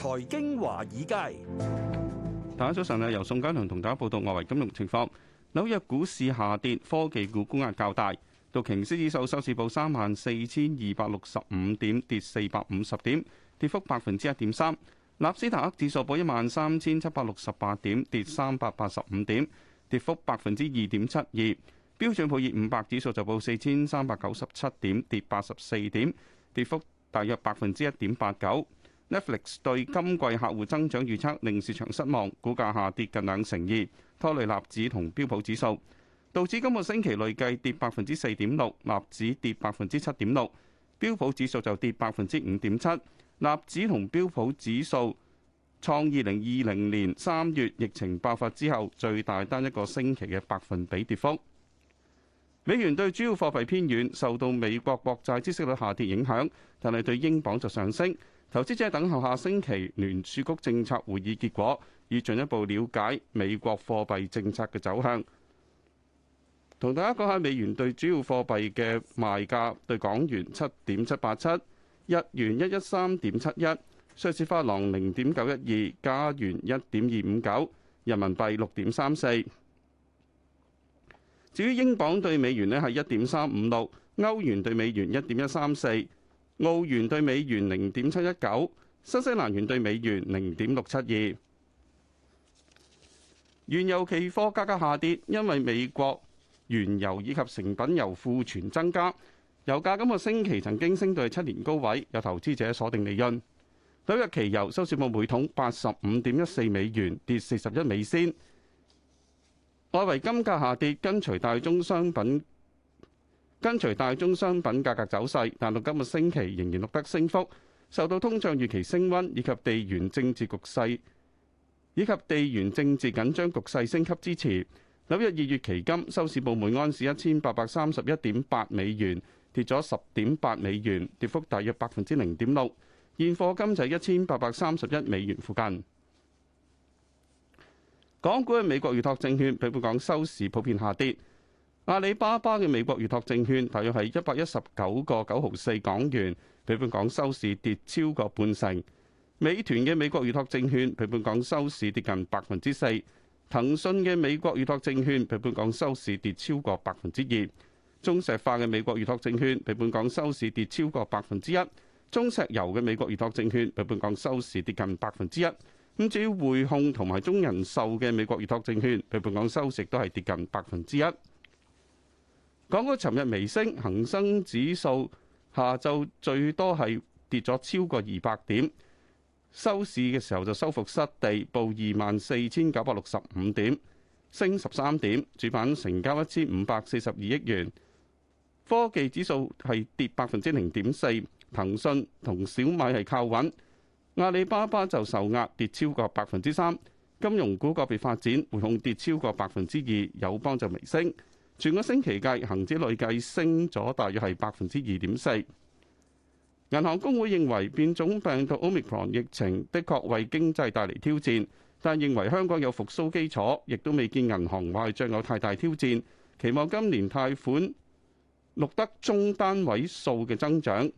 財經華爾街，大家早晨啊！由宋嘉良同大家報道外圍金融情況。紐約股市下跌，科技股沽壓較大。道瓊斯指數收市報三萬四千二百六十五點，跌四百五十點，跌幅百分之一點三。納斯達克指數報一萬三千七百六十八點，跌三百八十五點，跌幅百分之二點七二。標準普爾五百指數就報四千三百九十七點，跌八十四點，跌幅大約百分之一點八九。Netflix 對今季客戶增長預測令市場失望，股價下跌近兩成二，拖累納指同標普指數，導致今個星期累計跌百分之四點六，納指跌百分之七點六，標普指數就跌百分之五點七，納指同標普指數創二零二零年三月疫情爆發之後最大單一個星期嘅百分比跌幅。美元對主要貨幣偏軟，受到美國國債孳息率下跌影響，但係對英鎊就上升。投資者等候下星期聯儲局政策會議結果，以進一步了解美國貨幣政策嘅走向。同大家講下美元對主要貨幣嘅賣價：對港元七點七八七，日元一一三點七一，瑞士法郎零點九一二，加元一點二五九，人民幣六點三四。至於英鎊對美元咧係一點三五六，歐元對美元一點一三四，澳元對美元零點七一九，新西蘭元對美元零點六七二。原油期貨價格下跌，因為美國原油以及成品油庫存增加。油價今個星期曾經升到七年高位，有投資者鎖定利潤。紐約期油收市報每桶八十五點一四美元，跌四十一美仙。外圍金價下跌，跟隨大宗商品跟隨大宗商品價格走勢，但到今個星期仍然錄得升幅，受到通脹預期升溫以及地緣政治局勢以及地緣政治緊張局勢升級支持。紐約二月期金收市報每安士一千八百三十一點八美元，跌咗十點八美元，跌幅大約百分之零點六。現貨金就一千八百三十一美元附近。港股嘅美國預託證券，比本港收市普遍下跌。阿里巴巴嘅美國預託證券，大約係一百一十九個九毫四港元，比本港收市跌超過半成。美團嘅美國預託證券，比本港收市跌近百分之四。騰訊嘅美國預託證券，比本港收市跌超過百分之二。中石化嘅美國預託證券，比本港收市跌超過百分之一。中石油嘅美國預託證券，比本港收市跌近百分之一。咁至於匯控同埋中人壽嘅美國預託證券，佢本港收息都係跌近百分之一。港股尋日微升，恒生指數下晝最多係跌咗超過二百點，收市嘅時候就收復失地，報二萬四千九百六十五點，升十三點。主板成交一千五百四十二億元。科技指數係跌百分之零點四，騰訊同小米係靠穩。阿里巴巴就受壓跌超過百分之三，金融股個別發展，匯控跌超過百分之二，友邦就微升。全個星期計，恒指累計升咗大約係百分之二點四。銀行公會認為變種病毒 Omicron 疫情的確為經濟帶嚟挑戰，但認為香港有復蘇基礎，亦都未見銀行壞賬有太大挑戰，期望今年貸款錄得中單位數嘅增長。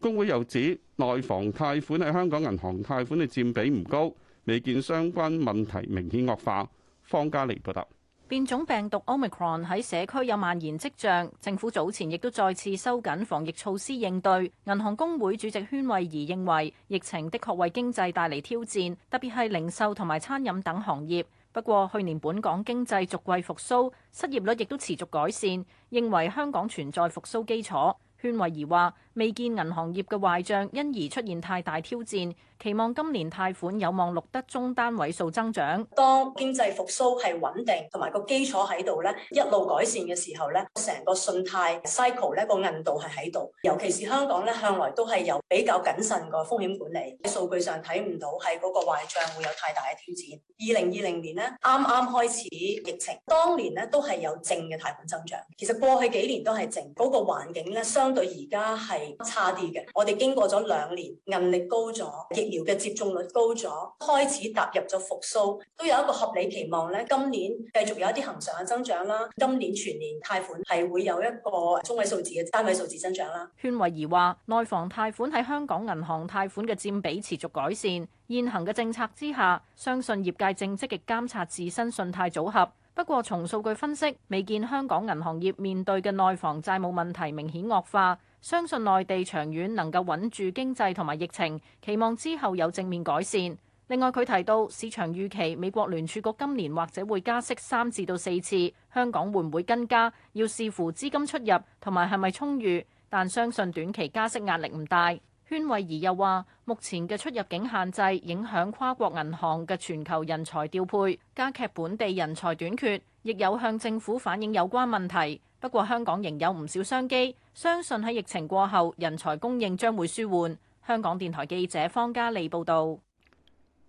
公會又指，內房貸款喺香港銀行貸款嘅佔比唔高，未見相關問題明顯惡化。方家利報道，變種病毒 Omicron 喺社區有蔓延跡象，政府早前亦都再次收緊防疫措施應對。銀行公會主席禤惠儀認為，疫情的確為經濟帶嚟挑戰，特別係零售同埋餐飲等行業。不過，去年本港經濟逐季復甦，失業率亦都持續改善，認為香港存在復甦基礎。禤惠儀話。未見銀行業嘅壞帳，因而出現太大挑戰。期望今年貸款有望錄得中單位數增長。當經濟復甦係穩定同埋個基礎喺度咧，一路改善嘅時候咧，成個信貸 cycle 咧個韌度係喺度。尤其是香港咧，向來都係有比較謹慎個風險管理。喺數據上睇唔到係嗰個壞帳會有太大嘅挑戰。二零二零年呢，啱啱開始疫情，當年呢都係有正嘅貸款增長。其實過去幾年都係正，嗰、嗰個環境咧相對而家係差啲嘅，我哋經過咗兩年，銀力高咗，疫苗嘅接種率高咗，開始踏入咗復甦，都有一個合理期望咧。今年繼續有一啲恒常嘅增長啦。今年全年貸款係會有一個中位數字嘅單位數字增長啦。禤慧儀話：內房貸款喺香港銀行貸款嘅佔比持續改善，現行嘅政策之下，相信業界正積極監察自身信貸組合。不過，從數據分析，未見香港銀行業面對嘅內房債務問題明顯惡化。相信內地長遠能夠穩住經濟同埋疫情，期望之後有正面改善。另外佢提到市場預期美國聯儲局今年或者會加息三至到四次，香港會唔會跟加要視乎資金出入同埋係咪充裕，但相信短期加息壓力唔大。禤惠儀又話：目前嘅出入境限制影響跨國銀行嘅全球人才調配，加劇本地人才短缺，亦有向政府反映有關問題。不過香港仍有唔少商機，相信喺疫情過後，人才供應將會舒緩。香港電台記者方嘉莉報導。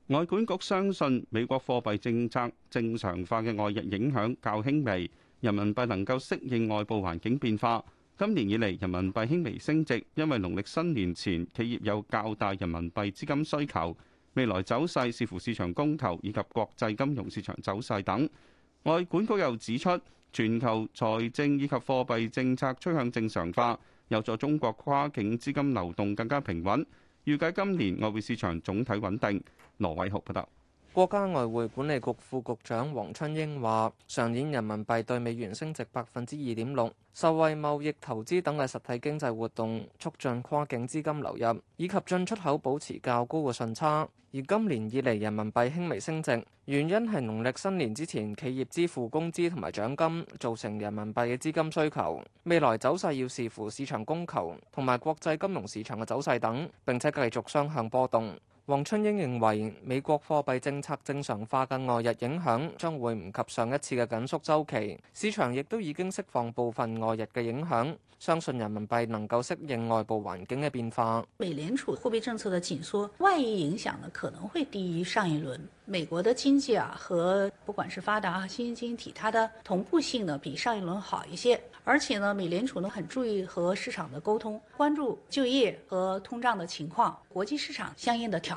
外管局相信美國貨幣政策正常化嘅外溢影響較輕微，人民幣能夠適應外部環境變化。今年以嚟，人民幣輕微升值，因為農曆新年前企業有較大人民幣資金需求。未來走勢視乎市場供求以及國際金融市場走勢等。外管局又指出，全球財政以及貨幣政策趨向正常化，有助中國跨境資金流動更加平穩。預計今年外匯市場總體穩定。羅偉豪報道。國家外匯管理局副局長黃春英話：上年人民幣對美元升值百分之二點六，受惠貿易、投資等嘅實體經濟活動，促進跨境資金流入，以及進出口保持較高嘅順差。而今年以嚟人民幣輕微升值，原因係農曆新年之前企業支付工資同埋獎金，造成人民幣嘅資金需求。未來走勢要視乎市場供求同埋國際金融市場嘅走勢等，並且繼續雙向波動。王春英認為美國貨幣政策正常化嘅外溢影響將會唔及上一次嘅緊縮週期，市場亦都已經釋放部分外溢嘅影響，相信人民幣能夠適應外部環境嘅變化。美聯儲貨幣政策的緊縮外溢影響呢，可能會低於上一輪。美國的經濟啊，和不管是發達和新興經濟體，它的同步性呢比上一輪好一些，而且呢，美聯儲呢很注意和市場的溝通，關注就業和通脹的情況，國際市場相應的調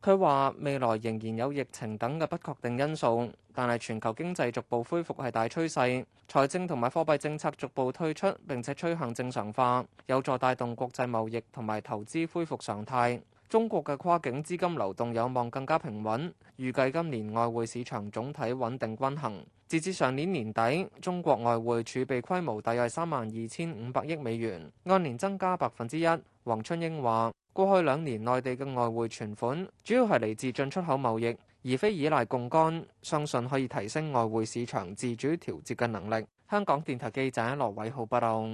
佢話：未來仍然有疫情等嘅不確定因素，但係全球經濟逐步恢復係大趨勢，財政同埋貨幣政策逐步退出並且趨向正常化，有助帶動國際貿易同埋投資恢復常態。中國嘅跨境資金流動有望更加平穩，預計今年外匯市場總體穩定均衡。截至上年年底，中國外匯儲備規模大約三萬二千五百億美元，按年增加百分之一。黃春英話。過去兩年，內地嘅外匯存款主要係嚟自進出口貿易，而非依賴槓桿。相信可以提升外匯市場自主調節嘅能力。香港電台記者羅偉浩報道。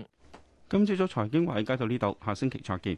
今朝早財經話題講到呢度，下星期再見。